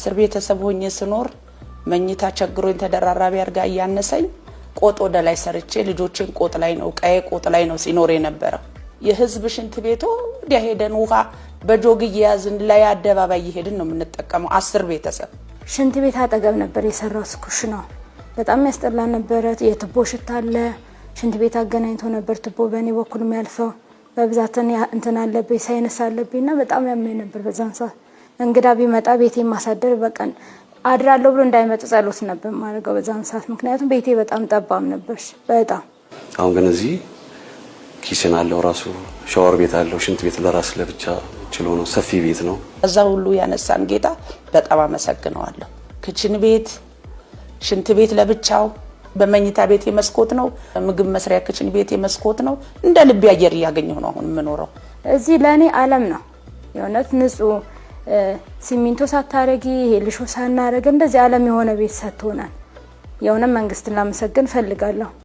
እስር ቤተሰብ ሆኜ ስኖር መኝታ ቸግሮኝ ተደራራቢ አድርጋ እያነሰኝ ቆጥ ወደ ላይ ሰርቼ ልጆችን ቆጥ ላይ ነው ቀዬ ቆጥ ላይ ነው ሲኖር የነበረው። የህዝብ ሽንት ቤቶ ወዲያ ሄደን ውሃ በጆግ እየያዝን ላይ አደባባይ እየሄድን ነው የምንጠቀመው። አስር ቤተሰብ ሽንት ቤት አጠገብ ነበር ስኩሽ ነው። በጣም ያስጠላ ነበረ። የትቦ ሽታ አለ። ሽንት ቤት አገናኝቶ ነበር ትቦ በእኔ በኩል የሚያልፈው። በብዛትን እንትን አለብኝ ሳይነስ አለብኝ እና በጣም ያመኝ ነበር በዛን ሰዓት እንግዳ ቢመጣ ቤቴ ማሳደር በቀን አድራለሁ ብሎ እንዳይመጡ ጸሎት ነበር ማድረገው በዛን ሰዓት። ምክንያቱም ቤቴ በጣም ጠባብ ነበር በጣም አሁን ግን እዚህ ኪችን አለው ራሱ ሻወር ቤት አለው ሽንት ቤት ለራስ ለብቻ ችሎ ነው ሰፊ ቤት ነው። እዛ ሁሉ ያነሳን ጌታ በጣም አመሰግነዋለሁ። ክችን ቤት ሽንት ቤት ለብቻው በመኝታ ቤት የመስኮት ነው። ምግብ መስሪያ ክችን ቤት የመስኮት ነው። እንደ ልቤ አየር እያገኘሁ ነው አሁን የምኖረው። እዚህ ለእኔ አለም ነው የእውነት ንጹህ ሲሚንቶ ሳታረጊ ልሾ ሳናረግ እንደዚህ አለም የሆነ ቤት ሰጥቶናል። የሆነ መንግስትን ላመሰግን ፈልጋለሁ።